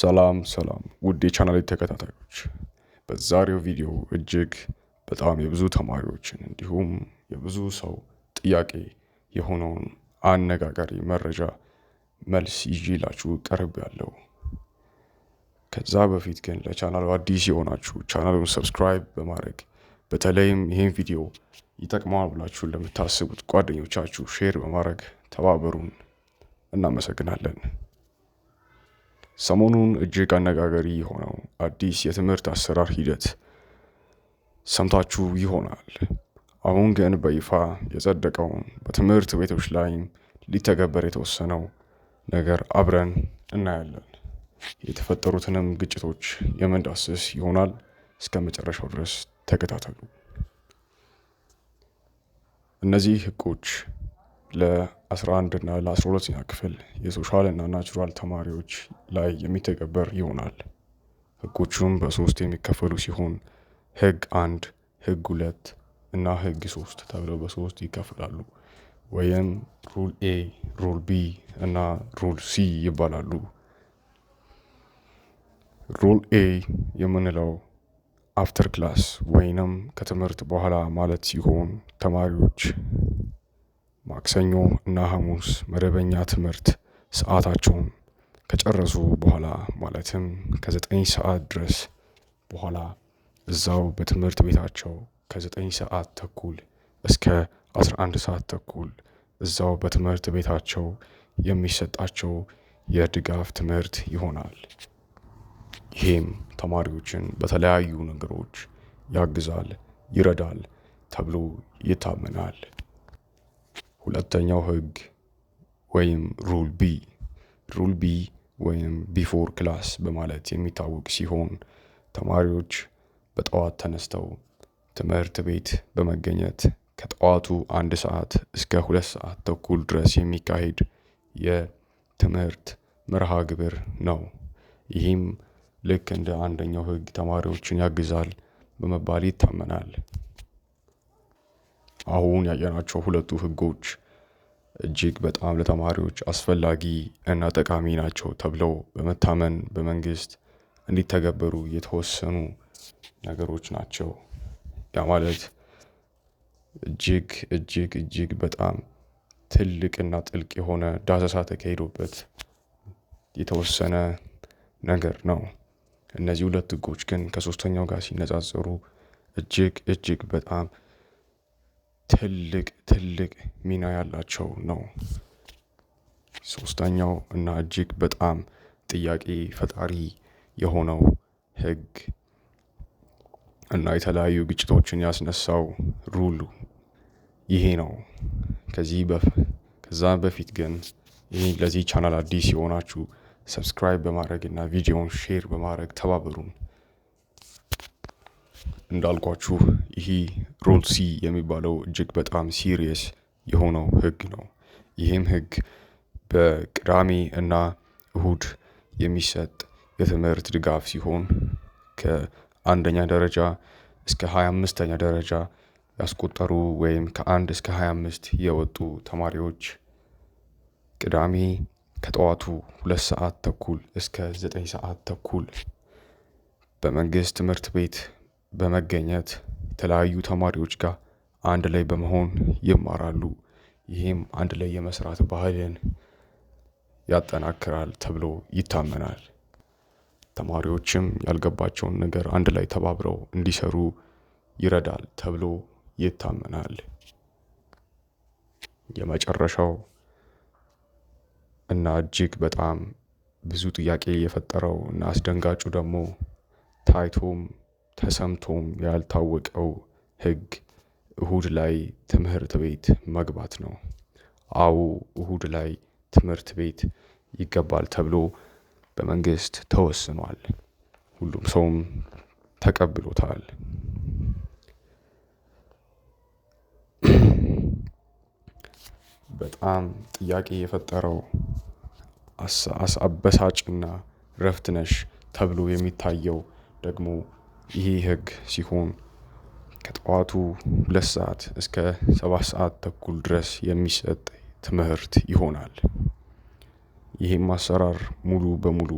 ሰላም ሰላም ውድ የቻናል ተከታታዮች፣ በዛሬው ቪዲዮ እጅግ በጣም የብዙ ተማሪዎችን እንዲሁም የብዙ ሰው ጥያቄ የሆነውን አነጋጋሪ መረጃ መልስ ይዤላችሁ ቀርብ ያለው። ከዛ በፊት ግን ለቻናሉ አዲስ የሆናችሁ ቻናሉን ሰብስክራይብ በማድረግ በተለይም ይህን ቪዲዮ ይጠቅመዋል ብላችሁ ለምታስቡት ጓደኞቻችሁ ሼር በማድረግ ተባበሩን። እናመሰግናለን። ሰሞኑን እጅግ አነጋጋሪ የሆነው አዲስ የትምህርት አሰራር ሂደት ሰምታችሁ ይሆናል። አሁን ግን በይፋ የጸደቀውን በትምህርት ቤቶች ላይም ሊተገበር የተወሰነው ነገር አብረን እናያለን። የተፈጠሩትንም ግጭቶች የምንዳስስ ይሆናል። እስከ መጨረሻው ድረስ ተከታተሉ። እነዚህ ህጎች ለ11 እና ለ12ኛ ክፍል የሶሻል እና ናቹራል ተማሪዎች ላይ የሚተገበር ይሆናል። ህጎቹም በሶስት የሚከፈሉ ሲሆን ህግ አንድ፣ ህግ ሁለት እና ህግ ሶስት ተብለው በሶስት ይከፍላሉ ወይም ሩል ኤ፣ ሩል ቢ እና ሩል ሲ ይባላሉ። ሩል ኤ የምንለው አፍተር ክላስ ወይንም ከትምህርት በኋላ ማለት ሲሆን ተማሪዎች ማክሰኞ እና ሐሙስ መደበኛ ትምህርት ሰዓታቸውን ከጨረሱ በኋላ ማለትም ከዘጠኝ ሰዓት ድረስ በኋላ እዛው በትምህርት ቤታቸው ከዘጠኝ ሰዓት ተኩል እስከ አስራ አንድ ሰዓት ተኩል እዛው በትምህርት ቤታቸው የሚሰጣቸው የድጋፍ ትምህርት ይሆናል። ይሄም ተማሪዎችን በተለያዩ ነገሮች ያግዛል ይረዳል ተብሎ ይታመናል ሁለተኛው ህግ ወይም ሩል ቢ ሩል ቢ ወይም ቢፎር ክላስ በማለት የሚታወቅ ሲሆን ተማሪዎች በጠዋት ተነስተው ትምህርት ቤት በመገኘት ከጠዋቱ አንድ ሰዓት እስከ ሁለት ሰዓት ተኩል ድረስ የሚካሄድ የትምህርት መርሃ ግብር ነው። ይህም ልክ እንደ አንደኛው ህግ ተማሪዎችን ያግዛል በመባል ይታመናል። አሁን ያየናቸው ሁለቱ ህጎች እጅግ በጣም ለተማሪዎች አስፈላጊ እና ጠቃሚ ናቸው ተብለው በመታመን በመንግስት እንዲተገበሩ የተወሰኑ ነገሮች ናቸው። ያ ማለት እጅግ እጅግ እጅግ በጣም ትልቅና ጥልቅ የሆነ ዳሰሳ ተካሂዶበት የተወሰነ ነገር ነው። እነዚህ ሁለት ህጎች ግን ከሶስተኛው ጋር ሲነጻጸሩ እጅግ እጅግ በጣም ትልቅ ትልቅ ሚና ያላቸው ነው። ሶስተኛው እና እጅግ በጣም ጥያቄ ፈጣሪ የሆነው ህግ እና የተለያዩ ግጭቶችን ያስነሳው ሩሉ ይሄ ነው። ከዚህ ከዛ በፊት ግን ለዚህ ቻናል አዲስ የሆናችሁ ሰብስክራይብ በማድረግ እና ቪዲዮውን ሼር በማድረግ ተባበሩን እንዳልኳችሁ ይሄ ሮል ሲ የሚባለው እጅግ በጣም ሲሪየስ የሆነው ህግ ነው። ይህም ህግ በቅዳሜ እና እሁድ የሚሰጥ የትምህርት ድጋፍ ሲሆን ከአንደኛ ደረጃ እስከ 25ኛ ደረጃ ያስቆጠሩ ወይም ከአንድ እስከ 25 የወጡ ተማሪዎች ቅዳሜ ከጠዋቱ ሁለት ሰዓት ተኩል እስከ ዘጠኝ ሰዓት ተኩል በመንግስት ትምህርት ቤት በመገኘት የተለያዩ ተማሪዎች ጋር አንድ ላይ በመሆን ይማራሉ። ይሄም አንድ ላይ የመስራት ባህልን ያጠናክራል ተብሎ ይታመናል። ተማሪዎችም ያልገባቸውን ነገር አንድ ላይ ተባብረው እንዲሰሩ ይረዳል ተብሎ ይታመናል። የመጨረሻው እና እጅግ በጣም ብዙ ጥያቄ የፈጠረው እና አስደንጋጩ ደግሞ ታይቶም ተሰምቶም ያልታወቀው ህግ እሁድ ላይ ትምህርት ቤት መግባት ነው። አዎ እሁድ ላይ ትምህርት ቤት ይገባል ተብሎ በመንግስት ተወስኗል። ሁሉም ሰውም ተቀብሎታል። በጣም ጥያቄ የፈጠረው አበሳጭና ረፍትነሽ ነሽ ተብሎ የሚታየው ደግሞ ይሄ ህግ ሲሆን ከጠዋቱ ሁለት ሰዓት እስከ ሰባት ሰዓት ተኩል ድረስ የሚሰጥ ትምህርት ይሆናል። ይህም አሰራር ሙሉ በሙሉ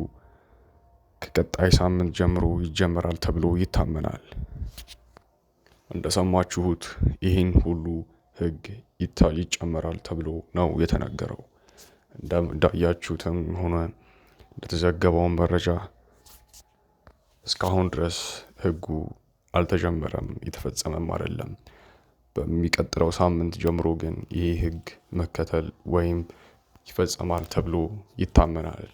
ከቀጣይ ሳምንት ጀምሮ ይጀመራል ተብሎ ይታመናል። እንደሰማችሁት ይህን ሁሉ ህግ ይታል ይጨመራል ተብሎ ነው የተነገረው። እንዳያችሁትም ሆነ እንደተዘገበውን መረጃ እስካሁን ድረስ ህጉ አልተጀመረም የተፈጸመም አይደለም። በሚቀጥለው ሳምንት ጀምሮ ግን ይህ ህግ መከተል ወይም ይፈጸማል ተብሎ ይታመናል።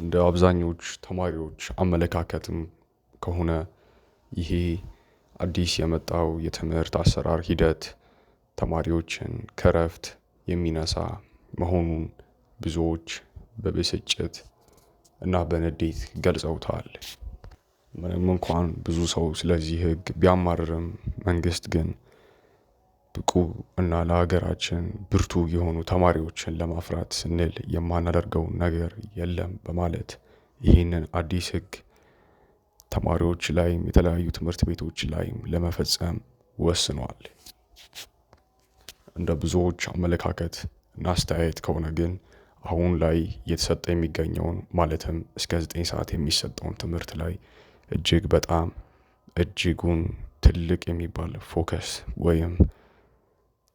እንደ አብዛኞች ተማሪዎች አመለካከትም ከሆነ ይሄ አዲስ የመጣው የትምህርት አሰራር ሂደት ተማሪዎችን ከረፍት የሚነሳ መሆኑን ብዙዎች በብስጭት እና በንዴት ገልጸውታል። ምንም እንኳን ብዙ ሰው ስለዚህ ህግ ቢያማርርም መንግስት ግን ብቁ እና ለሀገራችን ብርቱ የሆኑ ተማሪዎችን ለማፍራት ስንል የማናደርገው ነገር የለም በማለት ይህንን አዲስ ህግ ተማሪዎች ላይም የተለያዩ ትምህርት ቤቶች ላይም ለመፈጸም ወስኗል። እንደ ብዙዎች አመለካከት እና አስተያየት ከሆነ ግን አሁን ላይ እየተሰጠ የሚገኘውን ማለትም እስከ ዘጠኝ ሰዓት የሚሰጠውን ትምህርት ላይ እጅግ በጣም እጅጉን ትልቅ የሚባል ፎከስ ወይም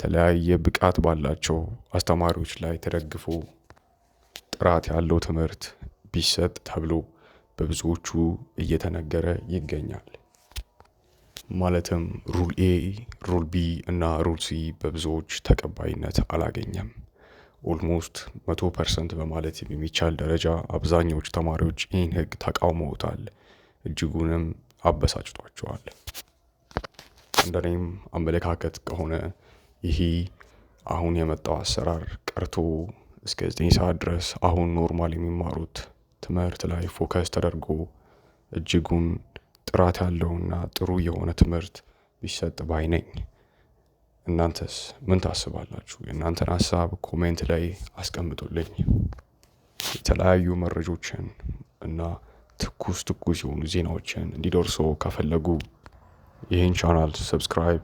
ተለያየ ብቃት ባላቸው አስተማሪዎች ላይ ተደግፎ ጥራት ያለው ትምህርት ቢሰጥ ተብሎ በብዙዎቹ እየተነገረ ይገኛል። ማለትም ሩል ኤ፣ ሩል ቢ እና ሩል ሲ በብዙዎች ተቀባይነት አላገኘም። ኦልሞስት መቶ ፐርሰንት በማለት የሚቻል ደረጃ አብዛኛዎች ተማሪዎች ይህን ህግ ተቃውመውታል። እጅጉንም አበሳጭቷቸዋል። እንደኔም አመለካከት ከሆነ ይህ አሁን የመጣው አሰራር ቀርቶ እስከ ዘጠኝ ሰዓት ድረስ አሁን ኖርማል የሚማሩት ትምህርት ላይ ፎከስ ተደርጎ እጅጉን ጥራት ያለውና ጥሩ የሆነ ትምህርት ቢሰጥ ባይ ነኝ። እናንተስ ምን ታስባላችሁ? የእናንተን ሀሳብ ኮሜንት ላይ አስቀምጡልኝ። የተለያዩ መረጆችን እና ትኩስ ትኩስ የሆኑ ዜናዎችን እንዲደርሶ ከፈለጉ ይህን ቻናል ሰብስክራይብ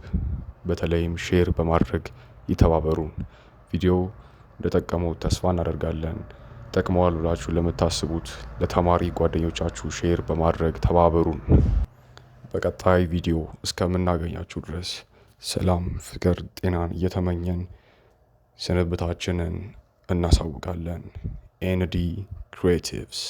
በተለይም ሼር በማድረግ ይተባበሩን። ቪዲዮ እንደጠቀመው ተስፋ እናደርጋለን። ጠቅመዋል ብላችሁ ለምታስቡት ለተማሪ ጓደኞቻችሁ ሼር በማድረግ ተባበሩን። በቀጣይ ቪዲዮ እስከምናገኛችሁ ድረስ ሰላም፣ ፍቅር፣ ጤናን እየተመኘን ስንብታችንን እናሳውቃለን። ኤንዲ ክሬቲቭስ